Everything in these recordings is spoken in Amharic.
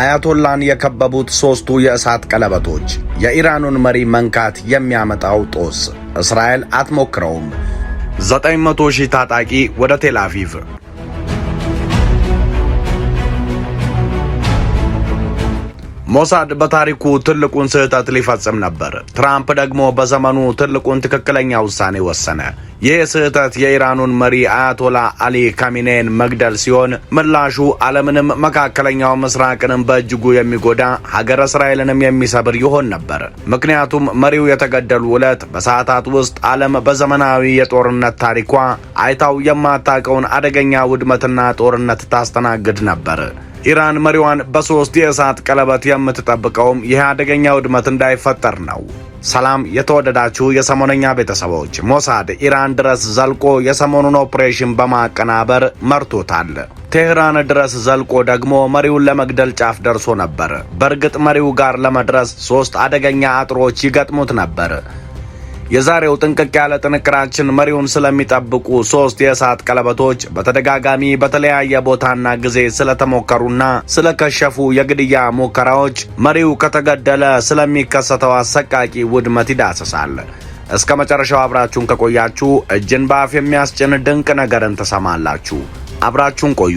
አያቶላን የከበቡት ሦስቱ የእሳት ቀለበቶች የኢራኑን መሪ መንካት የሚያመጣው ጦስ እስራኤል አትሞክረውም። 900 ሺህ ታጣቂ ወደ ቴል አቪቭ ሞሳድ በታሪኩ ትልቁን ስህተት ሊፈጽም ነበር። ትራምፕ ደግሞ በዘመኑ ትልቁን ትክክለኛ ውሳኔ ወሰነ። ይህ ስህተት የኢራኑን መሪ አያቶላ አሊ ካሚኔን መግደል ሲሆን ምላሹ ዓለምንም መካከለኛው ምስራቅንም በእጅጉ የሚጎዳ ሀገረ እስራኤልንም የሚሰብር ይሆን ነበር። ምክንያቱም መሪው የተገደሉ ዕለት በሰዓታት ውስጥ ዓለም በዘመናዊ የጦርነት ታሪኳ አይታው የማታውቀውን አደገኛ ውድመትና ጦርነት ታስተናግድ ነበር። ኢራን መሪዋን በሶስት የእሳት ቀለበት የምትጠብቀውም ይህ አደገኛ ውድመት እንዳይፈጠር ነው። ሰላም የተወደዳችሁ የሰሞነኛ ቤተሰቦች፣ ሞሳድ ኢራን ድረስ ዘልቆ የሰሞኑን ኦፕሬሽን በማቀናበር መርቶታል። ቴህራን ድረስ ዘልቆ ደግሞ መሪውን ለመግደል ጫፍ ደርሶ ነበር። በእርግጥ መሪው ጋር ለመድረስ ሶስት አደገኛ አጥሮች ይገጥሙት ነበር። የዛሬው ጥንቅቅ ያለ ጥንቅራችን መሪውን ስለሚጠብቁ ሶስት የእሳት ቀለበቶች በተደጋጋሚ በተለያየ ቦታና ጊዜ ስለተሞከሩና ስለከሸፉ የግድያ ሙከራዎች፣ መሪው ከተገደለ ስለሚከሰተው አሰቃቂ ውድመት ይዳሰሳል። እስከ መጨረሻው አብራችሁን ከቆያችሁ እጅን በአፍ የሚያስጭን ድንቅ ነገርን ትሰማላችሁ። አብራችሁን ቆዩ።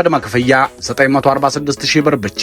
ቅድመ ክፍያ 946 ሺህ ብር ብቻ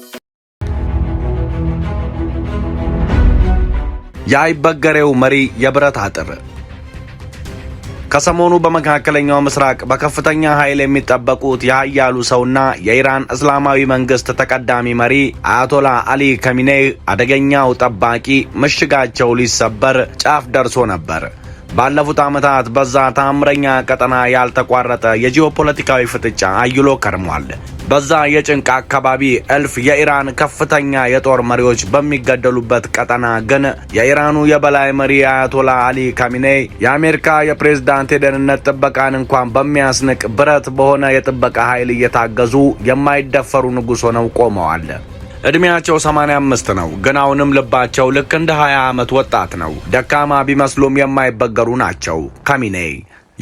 የአይበገሬው መሪ የብረት አጥር ከሰሞኑ በመካከለኛው ምስራቅ በከፍተኛ ኃይል የሚጠበቁት የሀያሉ ሰውና የኢራን እስላማዊ መንግስት ተቀዳሚ መሪ አያቶላ አሊ ከሚኔይ አደገኛው ጠባቂ ምሽጋቸው ሊሰበር ጫፍ ደርሶ ነበር። ባለፉት ዓመታት በዛ ታምረኛ ቀጠና ያልተቋረጠ የጂኦፖለቲካዊ ፍጥጫ አይሎ ከርሟል። በዛ የጭንቅ አካባቢ እልፍ የኢራን ከፍተኛ የጦር መሪዎች በሚገደሉበት ቀጠና ግን የኢራኑ የበላይ መሪ አያቶላ አሊ ካሚኔይ የአሜሪካ የፕሬዝዳንት የደህንነት ጥበቃን እንኳን በሚያስንቅ ብረት በሆነ የጥበቃ ኃይል እየታገዙ የማይደፈሩ ንጉሥ ሆነው ቆመዋል። እድሜያቸው 85 ነው፣ ግን አሁንም ልባቸው ልክ እንደ 20 ዓመት ወጣት ነው። ደካማ ቢመስሉም የማይበገሩ ናቸው። ካሚኔ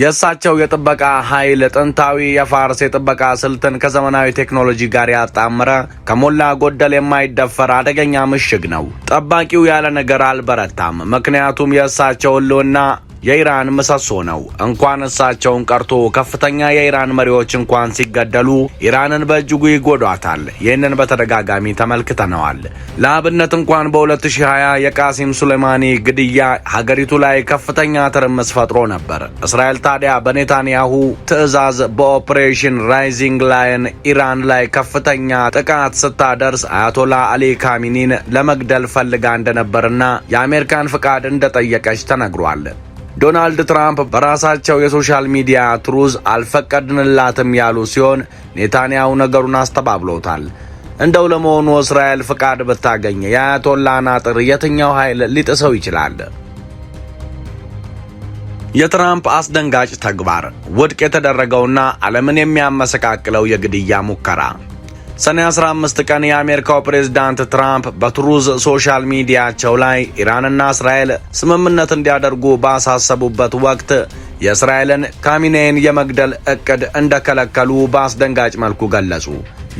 የእሳቸው የጥበቃ ኃይል ጥንታዊ የፋርስ የጥበቃ ስልትን ከዘመናዊ ቴክኖሎጂ ጋር ያጣመረ ከሞላ ጎደል የማይደፈር አደገኛ ምሽግ ነው። ጠባቂው ያለ ነገር አልበረታም፣ ምክንያቱም የእሳቸው ህልውና የኢራን ምሰሶ ነው። እንኳን እሳቸውን ቀርቶ ከፍተኛ የኢራን መሪዎች እንኳን ሲገደሉ ኢራንን በእጅጉ ይጎዷታል። ይህንን በተደጋጋሚ ተመልክተነዋል። ለአብነት እንኳን በ2020 የቃሲም ሱሌማኒ ግድያ ሀገሪቱ ላይ ከፍተኛ ትርምስ ፈጥሮ ነበር። እስራኤል ታዲያ በኔታንያሁ ትዕዛዝ በኦፕሬሽን ራይዚንግ ላይን ኢራን ላይ ከፍተኛ ጥቃት ስታደርስ አያቶላ አሊ ካሚኒን ለመግደል ፈልጋ እንደነበርና የአሜሪካን ፍቃድ እንደጠየቀች ተነግሯል። ዶናልድ ትራምፕ በራሳቸው የሶሻል ሚዲያ ትሩዝ አልፈቀድንላትም ያሉ ሲሆን ኔታንያሁ ነገሩን አስተባብሎታል። እንደው ለመሆኑ እስራኤል ፍቃድ ብታገኝ የአያቶላን አጥር የትኛው ኃይል ሊጥሰው ይችላል? የትራምፕ አስደንጋጭ ተግባር፣ ውድቅ የተደረገውና ዓለምን የሚያመሰቃቅለው የግድያ ሙከራ ሰኔ 15 ቀን የአሜሪካው ፕሬዝዳንት ትራምፕ በትሩዝ ሶሻል ሚዲያቸው ላይ ኢራንና እስራኤል ስምምነት እንዲያደርጉ ባሳሰቡበት ወቅት የእስራኤልን ካሚኔን የመግደል እቅድ እንደከለከሉ በአስደንጋጭ መልኩ ገለጹ።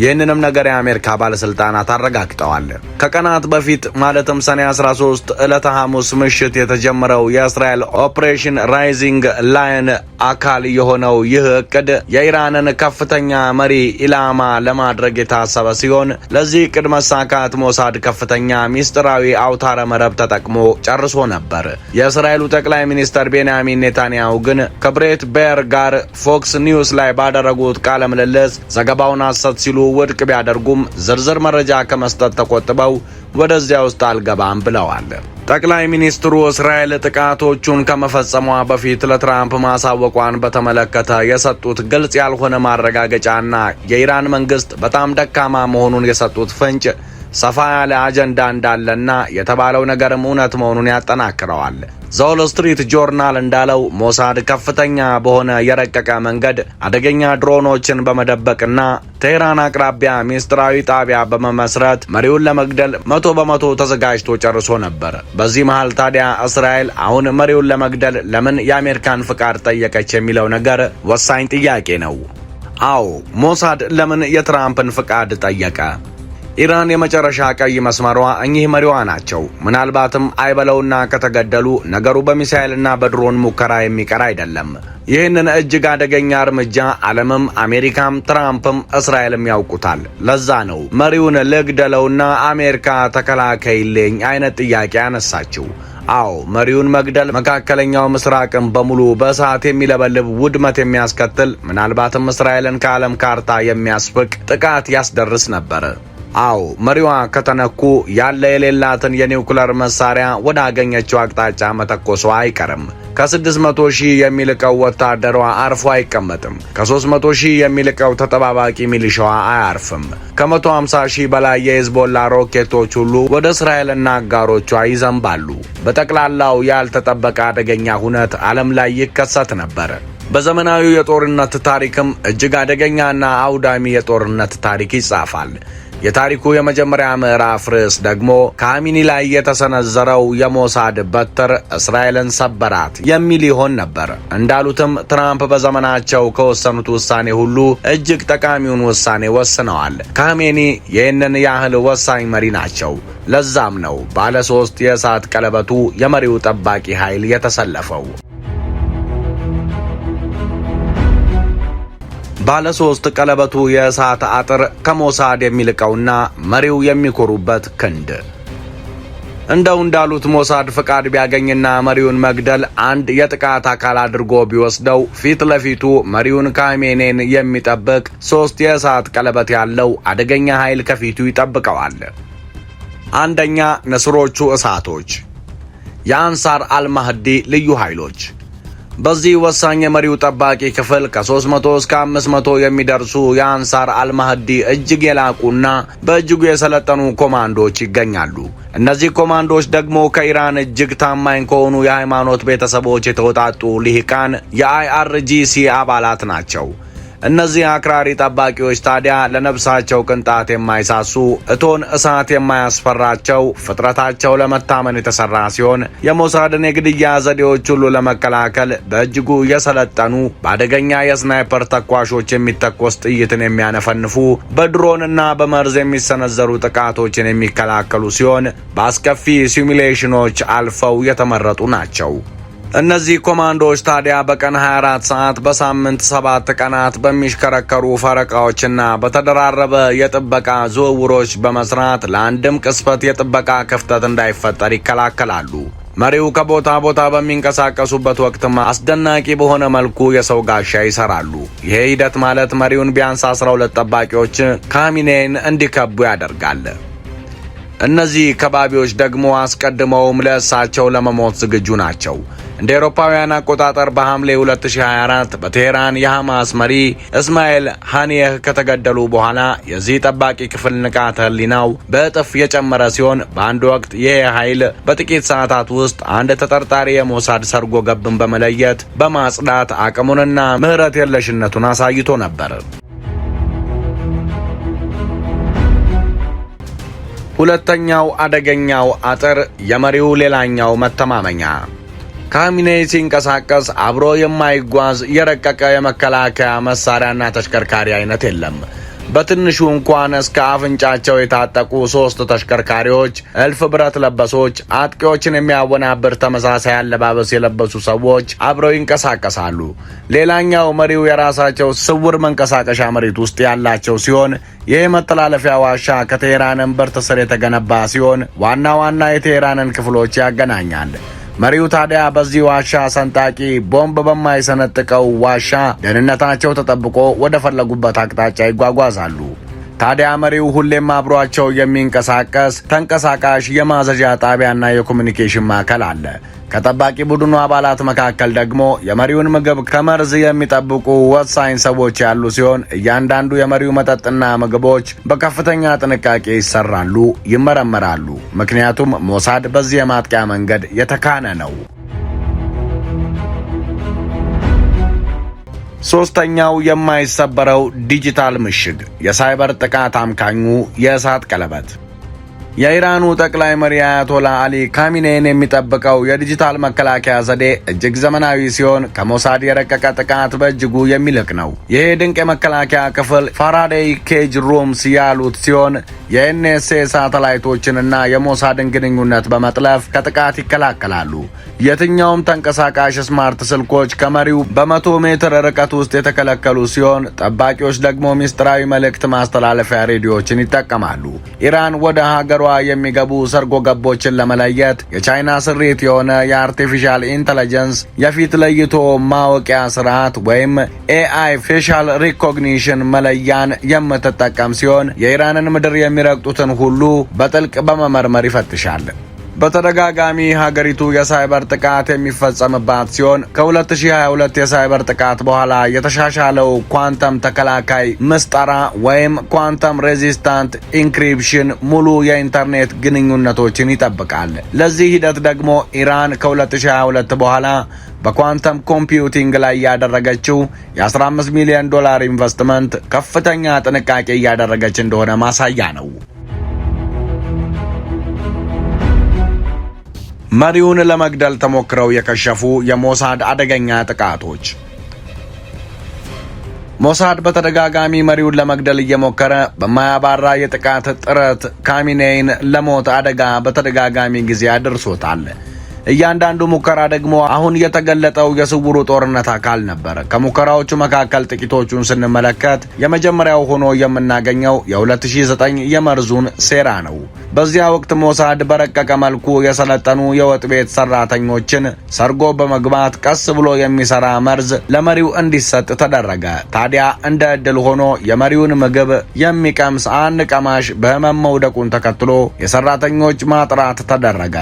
ይህንንም ነገር የአሜሪካ ባለስልጣናት አረጋግጠዋል። ከቀናት በፊት ማለትም ሰኔ 13 ዕለተ ሐሙስ ምሽት የተጀመረው የእስራኤል ኦፕሬሽን ራይዚንግ ላየን አካል የሆነው ይህ እቅድ የኢራንን ከፍተኛ መሪ ኢላማ ለማድረግ የታሰበ ሲሆን ለዚህ እቅድ መሳካት ሞሳድ ከፍተኛ ሚስጥራዊ አውታረ መረብ ተጠቅሞ ጨርሶ ነበር። የእስራኤሉ ጠቅላይ ሚኒስተር ቤንያሚን ኔታንያሁ ግን ከብሬት ቤር ጋር ፎክስ ኒውስ ላይ ባደረጉት ቃለ ምልልስ ዘገባውን አሰት ሲሉ ውድቅ ቢያደርጉም ዝርዝር መረጃ ከመስጠት ተቆጥበው ወደዚያ ውስጥ አልገባም ብለዋል። ጠቅላይ ሚኒስትሩ እስራኤል ጥቃቶቹን ከመፈጸሟ በፊት ለትራምፕ ማሳወቋን በተመለከተ የሰጡት ግልጽ ያልሆነ ማረጋገጫና የኢራን መንግስት በጣም ደካማ መሆኑን የሰጡት ፍንጭ ሰፋ ያለ አጀንዳ እንዳለና የተባለው ነገርም እውነት መሆኑን ያጠናክረዋል። ስትሪት ጆርናል እንዳለው ሞሳድ ከፍተኛ በሆነ የረቀቀ መንገድ አደገኛ ድሮኖችን በመደበቅና ቴህራን አቅራቢያ ሚስጥራዊ ጣቢያ በመመስረት መሪውን ለመግደል መቶ በመቶ ተዘጋጅቶ ጨርሶ ነበር። በዚህ መሃል ታዲያ እስራኤል አሁን መሪውን ለመግደል ለምን የአሜሪካን ፍቃድ ጠየቀች የሚለው ነገር ወሳኝ ጥያቄ ነው። አዎ ሞሳድ ለምን የትራምፕን ፍቃድ ጠየቀ? ኢራን የመጨረሻ ቀይ መስመሯ እኚህ መሪዋ ናቸው። ምናልባትም አይበለውና ከተገደሉ ነገሩ በሚሳኤልና በድሮን ሙከራ የሚቀር አይደለም። ይህንን እጅግ አደገኛ እርምጃ ዓለምም አሜሪካም ትራምፕም እስራኤልም ያውቁታል። ለዛ ነው መሪውን ልግደለውና አሜሪካ ተከላከይልኝ አይነት ጥያቄ አነሳችው። አዎ መሪውን መግደል መካከለኛው ምስራቅን በሙሉ በእሳት የሚለበልብ ውድመት የሚያስከትል ምናልባትም እስራኤልን ከዓለም ካርታ የሚያስፍቅ ጥቃት ያስደርስ ነበር። አዎ መሪዋ ከተነኩ ያለ የሌላትን የኒውክለር መሳሪያ ወደ አገኘችው አቅጣጫ መተኮሶ አይቀርም። ከ600 ሺህ የሚልቀው ወታደሯ አርፎ አይቀመጥም። ከ300 ሺህ የሚልቀው ተጠባባቂ ሚሊሻዋ አያርፍም። ከ150 ሺህ በላይ የሂዝቦላ ሮኬቶች ሁሉ ወደ እስራኤልና አጋሮቿ ይዘንባሉ። በጠቅላላው ያልተጠበቀ አደገኛ ሁነት ዓለም ላይ ይከሰት ነበር። በዘመናዊው የጦርነት ታሪክም እጅግ አደገኛና አውዳሚ የጦርነት ታሪክ ይጻፋል። የታሪኩ የመጀመሪያ ምዕራፍ ርዕስ ደግሞ ካሚኒ ላይ የተሰነዘረው የሞሳድ በትር እስራኤልን ሰበራት የሚል ይሆን ነበር። እንዳሉትም ትራምፕ በዘመናቸው ከወሰኑት ውሳኔ ሁሉ እጅግ ጠቃሚውን ውሳኔ ወስነዋል። ካሜኒ ይህንን ያህል ወሳኝ መሪ ናቸው። ለዛም ነው ባለ ሶስት የእሳት ቀለበቱ የመሪው ጠባቂ ኃይል የተሰለፈው። ባለሶስት ቀለበቱ የእሳት አጥር ከሞሳድ የሚልቀውና መሪው የሚኮሩበት ክንድ። እንደው እንዳሉት ሞሳድ ፍቃድ ቢያገኝና መሪውን መግደል አንድ የጥቃት አካል አድርጎ ቢወስደው ፊት ለፊቱ መሪውን ካሜኔን የሚጠብቅ ሶስት የእሳት ቀለበት ያለው አደገኛ ኃይል ከፊቱ ይጠብቀዋል። አንደኛ፣ ንስሮቹ እሳቶች፣ የአንሳር አልማህዲ ልዩ ኃይሎች በዚህ ወሳኝ የመሪው ጠባቂ ክፍል ከ300 እስከ 500 የሚደርሱ የአንሳር አልማህዲ እጅግ የላቁና በእጅጉ የሰለጠኑ ኮማንዶዎች ይገኛሉ። እነዚህ ኮማንዶዎች ደግሞ ከኢራን እጅግ ታማኝ ከሆኑ የሃይማኖት ቤተሰቦች የተወጣጡ ልሂቃን የአይአርጂሲ አባላት ናቸው። እነዚህ አክራሪ ጠባቂዎች ታዲያ ለነብሳቸው ቅንጣት የማይሳሱ እቶን እሳት የማያስፈራቸው ፍጥረታቸው ለመታመን የተሰራ ሲሆን የሞሳድን የግድያ ዘዴዎች ሁሉ ለመከላከል በእጅጉ የሰለጠኑ በአደገኛ የስናይፐር ተኳሾች የሚተኮስ ጥይትን የሚያነፈንፉ በድሮንና በመርዝ የሚሰነዘሩ ጥቃቶችን የሚከላከሉ ሲሆን በአስከፊ ሲሚሌሽኖች አልፈው የተመረጡ ናቸው። እነዚህ ኮማንዶዎች ታዲያ በቀን 24 ሰዓት በሳምንት ሰባት ቀናት በሚሽከረከሩ ፈረቃዎችና በተደራረበ የጥበቃ ዝውውሮች በመስራት ለአንድም ቅስፈት የጥበቃ ክፍተት እንዳይፈጠር ይከላከላሉ። መሪው ከቦታ ቦታ በሚንቀሳቀሱበት ወቅትም አስደናቂ በሆነ መልኩ የሰው ጋሻ ይሰራሉ። ይሄ ሂደት ማለት መሪውን ቢያንስ 12 ጠባቂዎች ካሚኔን እንዲከቡ ያደርጋል። እነዚህ ከባቢዎች ደግሞ አስቀድመውም ለእሳቸው ለመሞት ዝግጁ ናቸው። እንደ አውሮፓውያን አቆጣጠር በሐምሌ 2024 በቴህራን የሐማስ መሪ እስማኤል ሃኒየህ ከተገደሉ በኋላ የዚህ ጠባቂ ክፍል ንቃተ ህሊናው በእጥፍ የጨመረ ሲሆን በአንድ ወቅት ይህ ኃይል በጥቂት ሰዓታት ውስጥ አንድ ተጠርጣሪ የሞሳድ ሰርጎ ገብን በመለየት በማጽዳት አቅሙንና ምህረት የለሽነቱን አሳይቶ ነበር። ሁለተኛው አደገኛው አጥር የመሪው ሌላኛው መተማመኛ ካሚኔ ሲንቀሳቀስ አብሮ የማይጓዝ የረቀቀ የመከላከያ መሳሪያና ተሽከርካሪ አይነት የለም። በትንሹ እንኳን እስከ አፍንጫቸው የታጠቁ ሶስት ተሽከርካሪዎች፣ እልፍ ብረት ለበሶች፣ አጥቂዎችን የሚያወናብር ተመሳሳይ አለባበስ የለበሱ ሰዎች አብረው ይንቀሳቀሳሉ። ሌላኛው መሪው የራሳቸው ስውር መንቀሳቀሻ መሬት ውስጥ ያላቸው ሲሆን ይህ መተላለፊያ ዋሻ ከቴሄራን እምብርት ስር የተገነባ ሲሆን ዋና ዋና የቴሄራንን ክፍሎች ያገናኛል። መሪው ታዲያ በዚህ ዋሻ ሰንጣቂ ቦምብ በማይሰነጥቀው ዋሻ ደህንነታቸው ተጠብቆ ወደ ፈለጉበት አቅጣጫ ይጓጓዛሉ። ታዲያ መሪው ሁሌም አብሯቸው የሚንቀሳቀስ ተንቀሳቃሽ የማዘዣ ጣቢያና የኮሚኒኬሽን ማዕከል አለ። ከጠባቂ ቡድኑ አባላት መካከል ደግሞ የመሪውን ምግብ ከመርዝ የሚጠብቁ ወሳኝ ሰዎች ያሉ ሲሆን እያንዳንዱ የመሪው መጠጥና ምግቦች በከፍተኛ ጥንቃቄ ይሰራሉ፣ ይመረመራሉ። ምክንያቱም ሞሳድ በዚህ የማጥቂያ መንገድ የተካነ ነው። ሶስተኛው የማይሰበረው ዲጂታል ምሽግ፣ የሳይበር ጥቃት አምካኙ የእሳት ቀለበት የኢራኑ ጠቅላይ መሪ አያቶላ አሊ ካሚኔን የሚጠብቀው የዲጂታል መከላከያ ዘዴ እጅግ ዘመናዊ ሲሆን ከሞሳድ የረቀቀ ጥቃት በእጅጉ የሚልቅ ነው። ይህ ድንቅ የመከላከያ ክፍል ፋራዴይ ኬጅ ሩምስ ያሉት ሲሆን የኤንኤስኤ ሳተላይቶችንና የሞሳድን ግንኙነት በመጥለፍ ከጥቃት ይከላከላሉ። የትኛውም ተንቀሳቃሽ ስማርት ስልኮች ከመሪው በመቶ ሜትር ርቀት ውስጥ የተከለከሉ ሲሆን ጠባቂዎች ደግሞ ምስጢራዊ መልእክት ማስተላለፊያ ሬዲዮዎችን ይጠቀማሉ። ኢራን ወደ ሀገሯ የሚገቡ ሰርጎ ገቦችን ለመለየት የቻይና ስሪት የሆነ የአርቲፊሻል ኢንተለጀንስ የፊት ለይቶ ማወቂያ ስርዓት ወይም ኤአይ ፌሻል ሪኮግኒሽን መለያን የምትጠቀም ሲሆን የኢራንን ምድር የሚረግጡትን ሁሉ በጥልቅ በመመርመር ይፈትሻል። በተደጋጋሚ ሀገሪቱ የሳይበር ጥቃት የሚፈጸምባት ሲሆን ከ2022 የሳይበር ጥቃት በኋላ የተሻሻለው ኳንተም ተከላካይ ምስጠራ ወይም ኳንተም ሬዚስታንት ኢንክሪፕሽን ሙሉ የኢንተርኔት ግንኙነቶችን ይጠብቃል። ለዚህ ሂደት ደግሞ ኢራን ከ2022 በኋላ በኳንተም ኮምፒውቲንግ ላይ ያደረገችው የ15 ሚሊዮን ዶላር ኢንቨስትመንት ከፍተኛ ጥንቃቄ እያደረገች እንደሆነ ማሳያ ነው። መሪውን ለመግደል ተሞክረው የከሸፉ የሞሳድ አደገኛ ጥቃቶች። ሞሳድ በተደጋጋሚ መሪውን ለመግደል እየሞከረ በማያባራ የጥቃት ጥረት ካሚኔይን ለሞት አደጋ በተደጋጋሚ ጊዜ አድርሶታል። እያንዳንዱ ሙከራ ደግሞ አሁን የተገለጠው የስውሩ ጦርነት አካል ነበር። ከሙከራዎቹ መካከል ጥቂቶቹን ስንመለከት የመጀመሪያው ሆኖ የምናገኘው የ2009 የመርዙን ሴራ ነው። በዚያ ወቅት ሞሳድ በረቀቀ መልኩ የሰለጠኑ የወጥ ቤት ሰራተኞችን ሰርጎ በመግባት ቀስ ብሎ የሚሰራ መርዝ ለመሪው እንዲሰጥ ተደረገ። ታዲያ እንደ ዕድል ሆኖ የመሪውን ምግብ የሚቀምስ አንድ ቀማሽ በህመም መውደቁን ተከትሎ የሰራተኞች ማጥራት ተደረገ።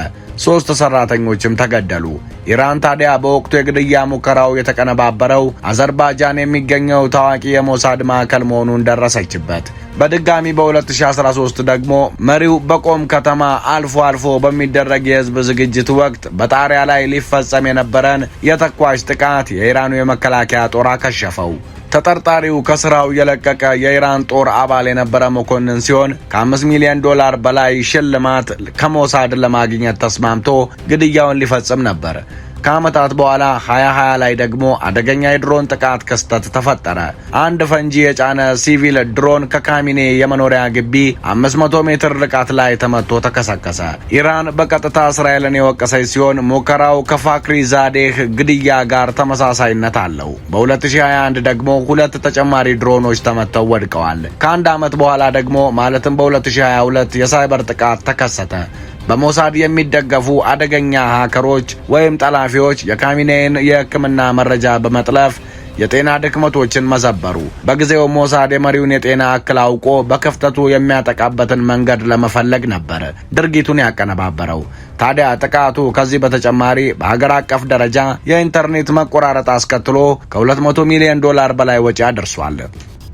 ሶስት ሰራተኞች ሰዎችም ተገደሉ። ኢራን ታዲያ በወቅቱ የግድያ ሙከራው የተቀነባበረው አዘርባጃን የሚገኘው ታዋቂ የሞሳድ ማዕከል መሆኑን ደረሰችበት። በድጋሚ በ2013 ደግሞ መሪው በቆም ከተማ አልፎ አልፎ በሚደረግ የህዝብ ዝግጅት ወቅት በጣሪያ ላይ ሊፈጸም የነበረን የተኳሽ ጥቃት የኢራኑ የመከላከያ ጦር አከሸፈው። ተጠርጣሪው ከስራው የለቀቀ የኢራን ጦር አባል የነበረ መኮንን ሲሆን ከ ከ5 ሚሊዮን ዶላር በላይ ሽልማት ከሞሳድ ለማግኘት ተስማምቶ ግድያውን ሊፈጽም ነበር። ከዓመታት በኋላ 2020 ላይ ደግሞ አደገኛ የድሮን ጥቃት ክስተት ተፈጠረ። አንድ ፈንጂ የጫነ ሲቪል ድሮን ከካሚኔ የመኖሪያ ግቢ 500 ሜትር ርቀት ላይ ተመቶ ተከሰከሰ። ኢራን በቀጥታ እስራኤልን የወቀሰች ሲሆን ሙከራው ከፋክሪ ዛዴህ ግድያ ጋር ተመሳሳይነት አለው። በ2021 ደግሞ ሁለት ተጨማሪ ድሮኖች ተመተው ወድቀዋል። ከአንድ ዓመት በኋላ ደግሞ ማለትም በ2022 የሳይበር ጥቃት ተከሰተ። በሞሳድ የሚደገፉ አደገኛ ሀከሮች ወይም ጠላፊዎች የካሚኔን የሕክምና መረጃ በመጥለፍ የጤና ድክመቶችን መዘበሩ። በጊዜው ሞሳድ የመሪውን የጤና እክል አውቆ በክፍተቱ የሚያጠቃበትን መንገድ ለመፈለግ ነበር ድርጊቱን ያቀነባበረው። ታዲያ ጥቃቱ ከዚህ በተጨማሪ በሀገር አቀፍ ደረጃ የኢንተርኔት መቆራረጥ አስከትሎ ከ200 ሚሊዮን ዶላር በላይ ወጪ አድርሷል።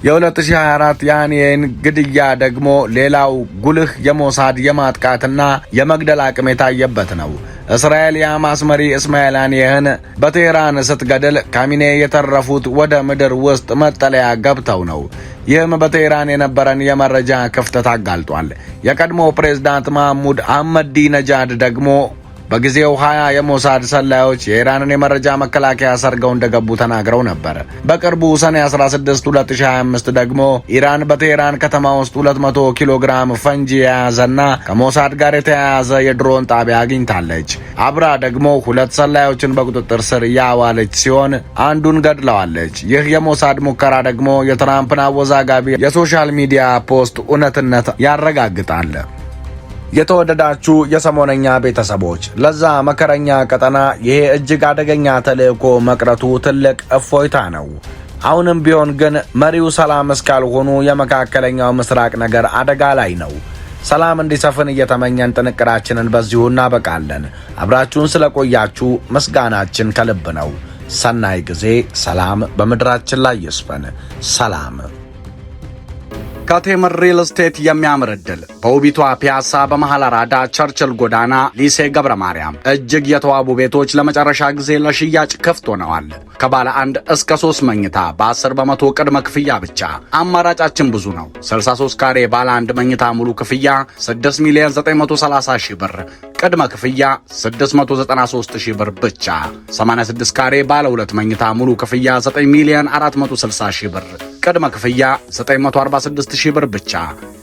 የ2024 የሃኒዬን ግድያ ደግሞ ሌላው ጉልህ የሞሳድ የማጥቃትና የመግደል አቅም የታየበት ነው። እስራኤል የሐማስ መሪ እስማኤል ሃኒዬን በቴህራን ስትገድል ካሚኔ የተረፉት ወደ ምድር ውስጥ መጠለያ ገብተው ነው። ይህም በቴህራን የነበረን የመረጃ ክፍተት አጋልጧል። የቀድሞ ፕሬዝዳንት ማህሙድ አህመዲ ነጃድ ደግሞ በጊዜው ሀያ የሞሳድ ሰላዮች የኢራንን የመረጃ መከላከያ ሰርገው እንደገቡ ተናግረው ነበር። በቅርቡ ሰኔ 16 2025 ደግሞ ኢራን በቴህራን ከተማ ውስጥ 200 ኪሎ ግራም ፈንጂ የያዘና ከሞሳድ ጋር የተያያዘ የድሮን ጣቢያ አግኝታለች። አብራ ደግሞ ሁለት ሰላዮችን በቁጥጥር ስር ያዋለች ሲሆን አንዱን ገድለዋለች። ይህ የሞሳድ ሙከራ ደግሞ የትራምፕን አወዛጋቢ የሶሻል ሚዲያ ፖስት እውነትነት ያረጋግጣል። የተወደዳችሁ የሰሞነኛ ቤተሰቦች ለዛ መከረኛ ቀጠና ይሄ እጅግ አደገኛ ተልዕኮ መቅረቱ ትልቅ እፎይታ ነው። አሁንም ቢሆን ግን መሪው ሰላም እስካልሆኑ የመካከለኛው ምስራቅ ነገር አደጋ ላይ ነው። ሰላም እንዲሰፍን እየተመኘን ጥንቅራችንን በዚሁ እናበቃለን። አብራችሁን ስለቆያችሁ ምስጋናችን ከልብ ነው። ሰናይ ጊዜ። ሰላም በምድራችን ላይ ይስፈን። ሰላም ከቴምር ሪል ስቴት የሚያምር እድል በውቢቷ ፒያሳ በመሃል አራዳ ቸርችል ጎዳና ሊሴ ገብረ ማርያም እጅግ የተዋቡ ቤቶች ለመጨረሻ ጊዜ ለሽያጭ ክፍት ሆነዋል። ከባለ አንድ እስከ ሶስት መኝታ በ10 በመቶ ቅድመ ክፍያ ብቻ። አማራጫችን ብዙ ነው። 63 ካሬ ባለ አንድ መኝታ ሙሉ ክፍያ 6 ሚሊዮን 930 ሺህ ብር፣ ቅድመ ክፍያ 693 ሺህ ብር ብቻ። 86 ካሬ ባለ ሁለት መኝታ ሙሉ ክፍያ 9 ሚሊዮን 460 ሺህ ብር፣ ቅድመ ክፍያ 946 ሺህ ብር ብቻ